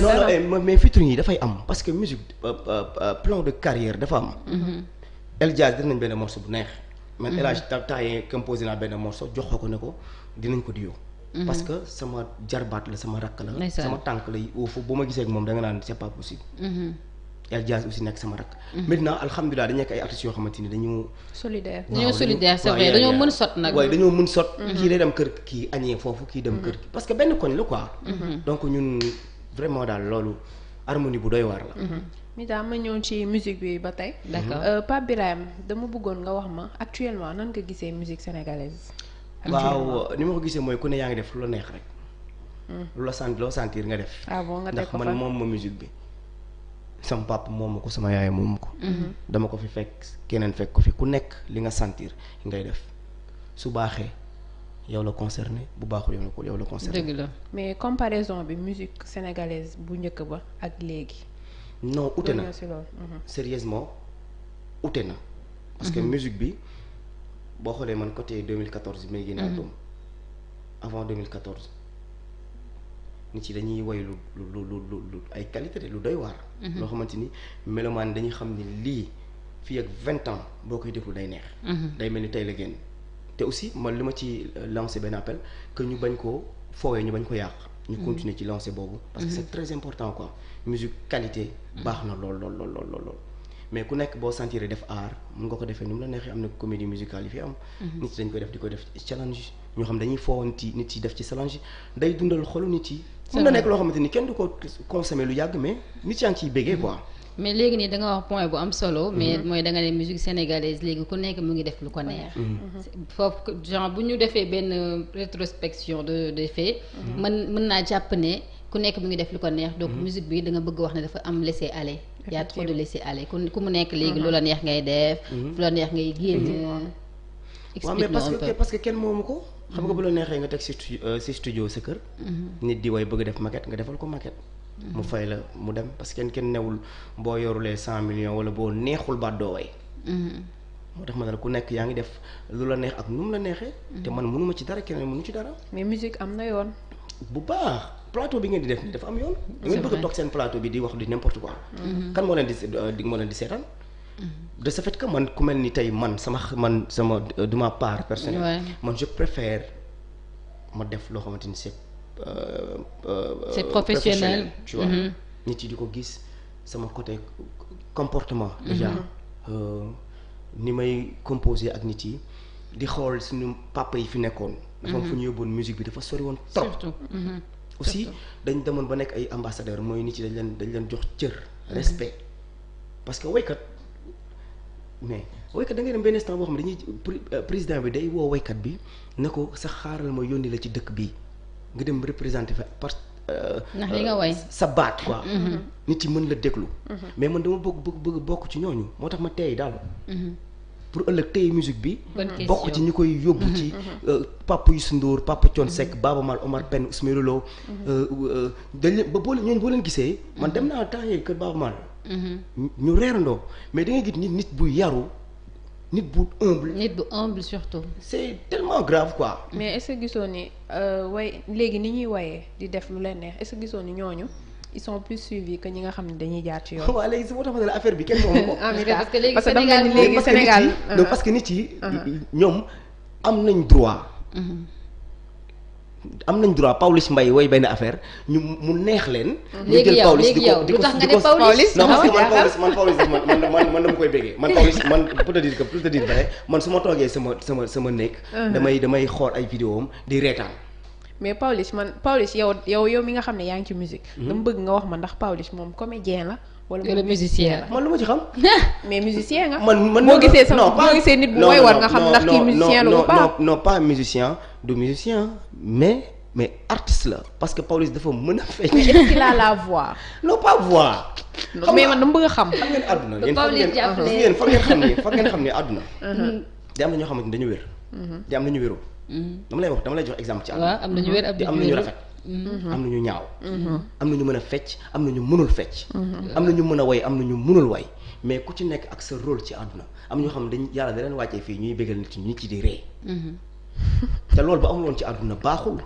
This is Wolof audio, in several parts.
non eh, mais featuring yi dafay am parce que musique euh, euh, euh, plan de carrière dafa am mm-hmm. El Jazz def nañ benn morceau bu neex man El Hadj mm-hmm. taayee composé naa benn morceau jox ko ne ko dinañ ko diyo mm-hmm. parce que sama jarbaat la sama rakk la sama tànk la oofu bu ma gisee ak moom da nga naan c'est pas possible El Jazz aussi nekk sama rakk. maintenant alhamdulilah dañu nekk ay artistes yoo xamante ni dañoo. solidaire dañoo solidaire c'est vrai dañoo mën sot nag. waaye dañoo mën sot. kii day dem kër kii añee foofu kii dem kër kii vraiment daal loolu harmonie bu doy waar la. Mhm. mi ma ñëw ci musique bi ba tey. d'accord euh, Pape Birahim dama bëggoon nga wax ma actuellement nan ko gisee musique sénégalaise. waaw euh, ni ma ko gisee mooy ku ne yaa ngi def lu la neex rek. Mm. lu la sant loo sentir nga def. ah bon nga ndax man moom ma musique bi. sama papa moomu ko sama yaay moom ko. Mhm. dama ko fi fekk keneen fekk ko fi ku nekk li nga sentir ngay def su baaxee. yow la concerné bu baaxul yow la ko yow la concerné. la mais comparaison bi musique sénégalaise bu njëkk ba ak léegi. non ute na mhm. sérieusement ute na. parce que mhm. musique bi boo xoolee man côté 2014 bi may génne mhm. album avant 2014 nit yi dañuy woy lu lu lu lu ay qualité lu doy waar. loo xamante ni melomaan dañuy xam ni lii fii ak vingt ans boo koy déglu day neex. day mel ni tey la génn. te aussi man li ma ci euh, lancer benn appel que ñu bañ ko foowee ñu bañ ko yàq. ñu mhm. continuer ci lancer boobu. parce que mhm. c'est très important quoi musique qualité. Mhm. baax na lool lool lool lool mais ku nekk boo sentir def art mun nga ko defee ni la neexee am na comédie musicale yi fi am. nit dañ koy def di ko def challenge ñoo xam dañuy foowanti mun na nekk loo xamante ni kenn du ko consommer lu yàgg mais nit yaa ngi ciy bégee quoi. mais léegi nii da nga wax point bu am solo. mais mhm. mooy danga nga ne musique sénégalaise léegi ku nekk mu ngi def lu ko neex. Mhm. Mhm. foofu genre bu ñu defee benn rétrospection de de fait. mën mën naa jàpp ne ku nekk mu ngi def lu ko neex. donc musique bi da bëgg wax ne dafa am laisser aller. y a trop de laisser aller mu nekk léegi lu la neex ngay def. lu la neex ngay génn. waaw mais parce que parce que kenn moomu ko. xam nga bu la neexee nga teg si euh, studio sa kër. nit di way bëgg def maquette nga defal ko maquette. mu fay la mu dem parce que kenn kenn newul boo yorulee cent million wala boo neexul baat doo way mm-hmm. moo tax ma ne ku nekk yaa ngi def lu la neex ak nu mu la neexee. Mm-hmm. te man mënuma ci dara keneen mënu ci dara. mais musique am na bi ngeen di def nii am yoon. da ngeen bëgg a toog bi di wax di mm-hmm. kan moo leen di euh, di di seetaan. de ce fait que man ku mel ni tey man sama man sama euh, de ma part personnelle. man je préfère ma def loo xamante ni c'est Euh, c'est euh, professionnel tu vois mm-hmm. nit yi di ko gis sama côté comportement mm-hmm. déjà euh, ni may composer ak nit yi di xool suñu papa yi fi nekkoon dafa am fu ñu mm-hmm. yóbboon musique bi dafa sori woon trop surtout aussi dañ demoon ba nekk ay ambassadeur mooy nit yi dañ leen dañ leen jox cër respect parce que woykat mais woykat da ngay dem benn instant boo xam ne dañuy président bi day woo woykat bi ne ko sa xaaral ma yónni la ci dëkk bi nga dem représenter fa parce euh, ndax li nga way euh, sa baat quoi. Mm-hmm. nit yi mën la déglu. Mm-hmm. mais man dama bëgg bëgg bokk ci ñooñu moo tax ma teey daal. Mm-hmm. pour ëllëg téye musique bi. bokk ci ñi koy yóbbu ci. Euh, Papa Youssou Ndour Papa Thione Seck Omar Pène Ismaël dañ leen ba boo leen ñooñu boo leen gisee. man dem naa temps yii kër Baaba Maal. ñu reerandoo mais da ngay gis nit nit bu yaru. nit bu humble. nit bu humble surtout. c'est tellement grave quoi. mais est-ce gisoo ni euh, way léegi ni ñuy wayee di def lu leen neex est-ce que gisoo ni ñooñu. ils plus suivis que ñi nga xam ne dañuy jaar ci yoon. waaw léegi si moo tax ma la affaire bi kenn moomu ko. Ah, parce que léegi léegi Sénégal parce que nit ah. ñoom am nañ droit. Mm-hmm. am nañ droit Pawlish mbay woy benn affaire ñu mu neex leen. Mm-hmm. ñu jël Pawlish di ko di ko Pawlish. non parce man Pawlish man Pawlish man man man dama koy bëggee man Pawlish man pour te dire que pour te dire vrai man su ma toogee sama sama sama nekk. Uh-huh. damay damay xool ay vidéo am di reetaan. mais Pawlish man Pawlish yow yow yow mi nga xam ne yaa ngi ci musique. Hmm? dama bëgg nga wax ma ndax Pawlish moom comme comédien la. wala nga man lu ma ci xam. mais musicien nga. man man boo gisee sax boo gisee nit bu mooy war nga xam ndax kii musicien la ou pas musicien du musicien mais mais artiste la parce que Pawlish dafa mën a fecc. mais est-ce qu'il a la voix. non pas voix. man dama bëgg a xam. xam ngeen àdduna yéen fa ngeen fa ngeen xam ne àdduna. Uh-huh. di am na ñoo xam ni dañu wér. Uh-huh. di am na ñu wéroo. Uh-huh. dama lay wax dama lay jox exemple ci àdduna. waaw am na ñu wér am na ñu rafet. Mm-hmm. am na ñu ñaaw. Mm-hmm. am na ñu mën a fecc am na ñu mënul fecc. Mm-hmm. am na ñu mën a way am na ñu mënul way mais ku ci nekk ak sa rôle ci àdduna am ñoo xam dañ yàlla da leen fii ñuy bégal nit ñi nit di ree. te ci àdduna baaxul.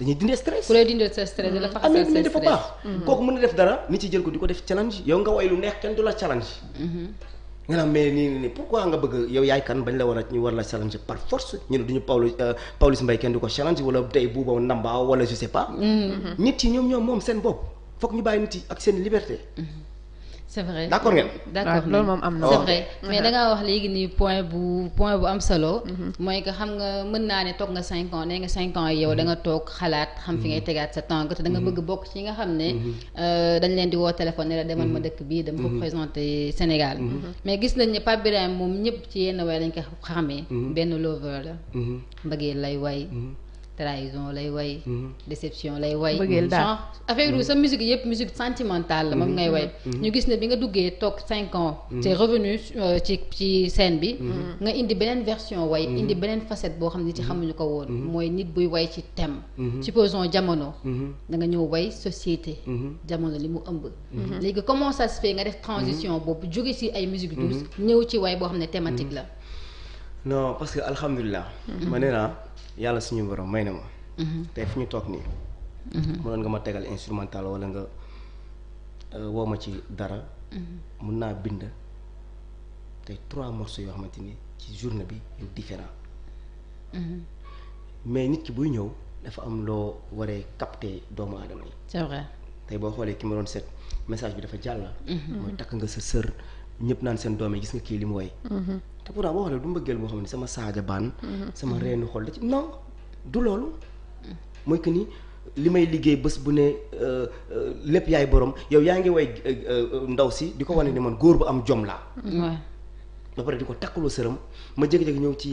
dañuy dindi stress. ku lay dindi sa stress dafa am ne dafa baax. kooku mën na def dara nit yi jël ko di ko def challenge yow nga way lu neex kenn du la challenge. nga naan mais nii nii pourquoi nga bëgg yow yaay kan bañ la war a ñu war la challenge par force ñu ne duñu Pawlish euh, Pawlish Mbaye kenn du ko challenge wala tey Bouba Ndamba wala je sais mm-hmm. nit yi ñoom ñoom moom seen bopp foog ñu bàyyi nit yi ak seen liberté. Mm-hmm. c'est vrai d'accord ngeen. d'accord loolu moom am mm-hmm. mais dangaa wax léegi nii point bu point bu am solo. Mm-hmm. mooy que xam nga mën naa ne toog nga cinq ans nee nga cinq ans yow da nga mm-hmm. toog xalaat xam fi ngay tegaat sa tànk te da nga bëgg bokk ci nga xam ne. Euh, dañ leen di woo téléphone ne la demal ma dëkk bii dama ko présenter Sénégal. mais gis nañ ne Pape Birahim moom ñëpp ci yenn way lañ ko xamee. benn lover la. mbëggee lay way. trahison lay way mhm. déception lay way genre affaire yu mhm. sa musique yëpp musique sentimentale la moom mhm. ngay way ñu gis ne bi nga duggee toog cinq ans c'est revenu euh, ci ci scène bi nga indi beneen version way indi beneen facette boo xam ne ci xamuñu ko woon mooy nit buy way ci thème supposons jamono da nga ñëw way société jamono li mu ëmb léegi comment ça se fait nga def transition boobu jóge si ay musique douce ñëw ci way boo xam ne thématique la non parce que alhamdulilah. Mhm. ma ne naa yàlla suñu borom may na ma. Mhm. tey fu ñu toog nii. mënoon mhm. nga ma tegal instrumental wala nga euh, woo ma ci dara. mun naa bind tey trois morceaux yoo xamante ni ci journée bi yu différent mais nit ki buy ñëw dafa am loo waree capter doomu aadama yi. c'est tey boo xoolee ki ma doon seet message bi dafa jàll. mooy takk nga sa sër. ñépp naan seen doom yi gis nga kii li mu way mm-hmm. te pourtant boo xoolee du mbëggeel boo xam ne sama saaja baan mm-hmm. sama mm-hmm. reenu xol da ci non du loolu mooy que ni li may liggéey bés bu ne euh, euh, lépp yaay borom yow yaa ngi way euh, ndaw si di ko wane ni man góor bu am jom laa ba pare di ko takkaloo sëram ma jékki-jékki ñëw ci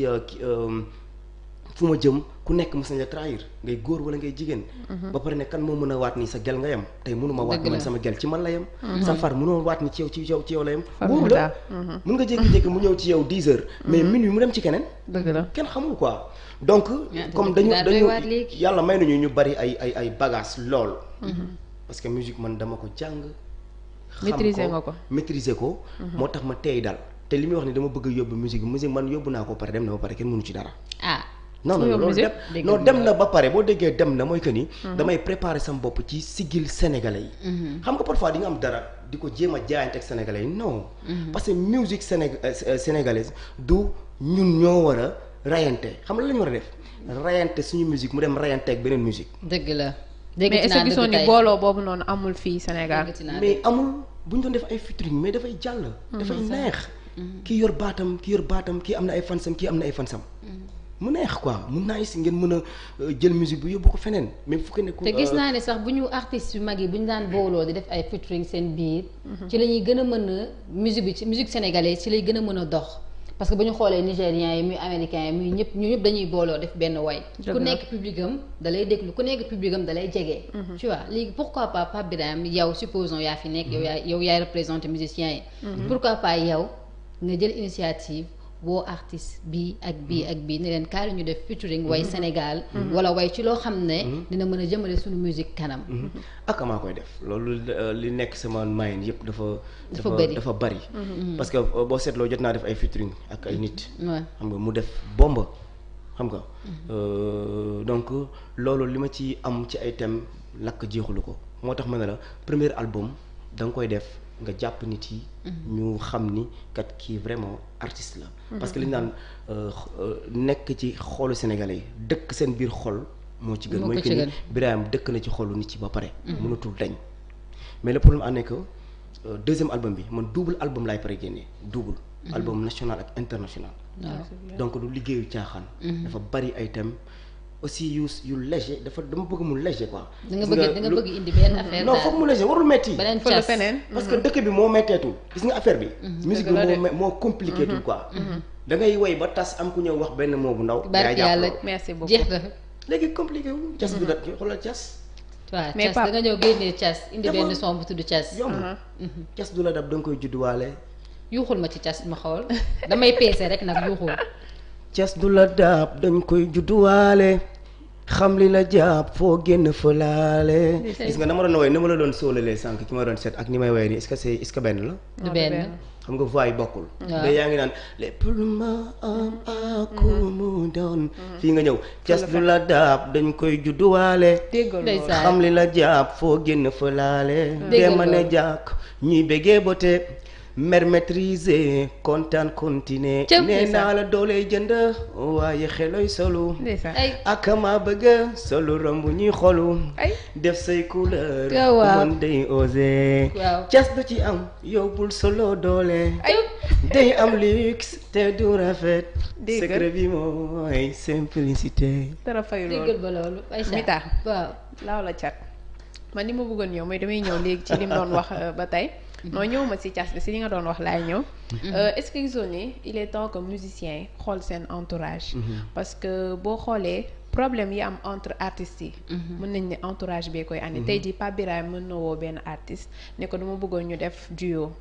fu ma jëm ku nekk mos nañ la trahir ngay góor wala ngay jigéen mhm. ba pare ne kan moo mën a waat ni sa gel nga yem tey mënuma waat man sama gel ci man la yem mhm. sa far mënoo waat ni ci yow ci yow ci yow la yem wóoru la mën mhm. nga jékki-jékki mu ñëw dem ci keneen dëgg la kenn xamul quoi donc ah, comme dañu dañu yàlla may nañu ñu bari ay ay ay bagages lool parce que musique man dama ko jàng maîtriser nga ko maîtriser ko moo tax ma teey dal te li muy wax ni dama bëgg a yóbbu musique musique man yóbbu naa ko pare dem na ba pare kenn mënu ci dara non non loolu dem non dem na ba pare boo déggee dem na mooy que ni. Mhm. damay préparer sama bopp ci sigil sénégalais yi. Mhm. xam nga parfois di nga am dara di ko jéem a jaayante ak sénégalais yi non. Mhm. parce que musique séné euh, euh, du ñun ñoo war a rayante xam nga la war a def rayante suñu musique mu dem rayante ak beneen musique. dëgg la dégg mais est-ce que gisoon ni booloo boobu noonu amul fii Sénégal. mais amul bu ñu doon def ay featuring mais dafay jàll. dafay neex. ki yor baatam ki yor baatam ki am na ay fansam ki am na ay fansam. mu neex quoi mun naa si ngeen mën a euh, jël musique bi yóbbu ko feneen mais fu ko nekkul. te gis euh, naa ne sax bu ñu artistes yu mag yi bu ñu daan booloo di def ay featuring seen biir. ci la ñuy gën a mën a musique bi ci musique sénégalaise ci lay gën a mën a dox. parce que bu ñu xoolee nigériens yi muy américains yi muy ñëpp ñu ñëpp dañuy booloo def benn way ku nekk public am da lay ku nekk public am da lay jege. Mhm. tu vois léegi pourquoi pas Pape Birahim yow supposons yaa fi nekk. yow mhm. yaay représenté musiciens yi. Mhm. pourquoi pas yow nga jël initiative. woo artiste bi ak bi mm-hmm. ak bi ne leen kaay ñu def featuring way mm-hmm. Sénégal. Mm-hmm. wala way ci loo xam ne. dina mën a jëmale suñu musique kanam. ak maa koy def loolu euh, li nekk sama mayen yëpp dafa. dafa bëri dafa bëri. parce que euh, boo seetloo jot naa def ay featuring ak ay nit. xam nga mu def bomba xam nga. Euh, donc loolu li ma ci am ci ay thèmes lakk jeexulu ko moo tax ma ne la premier album da nga koy def. nga jàpp nit yi. Mhm. ñu xam ni kat kii vraiment artiste la. Mhm. parce que li ñu naan euh, nekk ci xoolu sénégal yi dëkk seen biir xol. moo ci gën mooy que ni Birahim dëkk na ci xolu nit yi ba pare. Mhm. mënatul dañ mais le problème en est que euh, deuxième album bi man double album laay pare génnee double. album national ak international. donc du liggéeyu caaxaan. dafa bari ay aussi yu yu léger dafa dama bëgg mu léger quoi. da nga bëgg indi benn affaire non foog mu léger warul metti. beneen feneen parce que mhm. dëkk bi moo metteetul. gis nga affaire bi. Mhm. musique bi moo moo compliqué tout mhm. quoi. da ngay woy ba tas am ku ñëw wax benn moo bu ndaw. barke yàlla merci beaucoup jeex na. léegi compliqué wu. cas bi dat xoolal cas. waaw nga ñëw génnee cas indi benn son bu tudd cas. yombul uh-huh. cas du la dab da nga koy judduwaale. yuuxul ma ci cas ma xool damay peese rek nag yuuxul cas du la daab dañ koy judduwaale xam li la jàpp foo génn fa laale gis nga na ma doon na doon sóolalee sànq ki ma doon seet ak ni may woy nii est-ce que c'est est-ce que benn da yaa ngi naan lépp lu ma am ak mm-hmm. mm-hmm. la daab dañ koy ne jàkk ñuy bégee ba mer maîtriser kontaan continuer nee naa la dooley jënd waaye xeloy solu ak ma bëgga solu romb ñuy xolu def say couleur mën day osé cas du ci am yow bul solo doole day am luxe te du rafet secret bi mooy simplicité dara fay loolu waaw laaw la cat man li ma bëggoon ñëw mooy damay ñëw léegi ci li mu doon wax euh, ba tey non ñëw ma si cas bi si li nga doon wax laay ñëw mm-hmm. euh, est-ce que gisoon ni il est temps que musiciens yi xool seen entourage mm-hmm. parce que boo xoolee problème yi am entre artistes yi mm-hmm. mën nañ ne entourage bee koy andi jii Pape Birahim mën na woo benn artiste ne ko dama bëggoon ñu def duo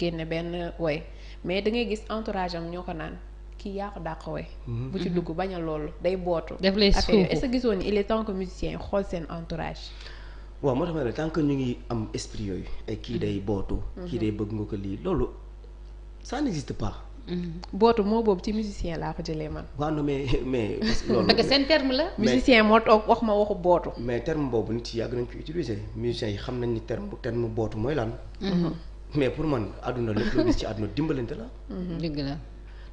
génn benn woy mais da ngay gis entourage ñoo ko naan kii yaa ko dàq woy bu ci dugg bañ a loolu day bootu def lay est-ce que gisoon que musiciens yi xool seen entourage waaw moo tax ma ne tant que ñu ngi am esprit yooyu ay kii day mm-hmm. bootu. kii day bëgg nga ko lii loolu ça n'existe pas. Mm-hmm. bootu moo boobu ci musicien laa ko jëlee man. waaw non mais mais. loolu parce que seen terme la. musicien moo ma waxu bootu. mais terme boobu nit yàgg nañ ko utiliser musiciens yi xam nañ ni terme terme bootu mooy lan. Mm-hmm. mais pour man àdduna la.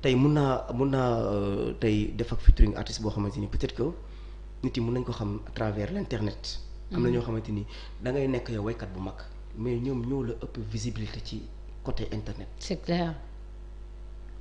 dëgg mun naa mun naa euh, tey def ak featuring artiste boo xamante ni peut-être que nit yi mun nañ ko xam à travers l'internet. am na mm. ñoo xamante ni da ngay nekk yow waykat bu mag mais ñoom ñoo la ëpp visibilité ci côté internet. c'est clair.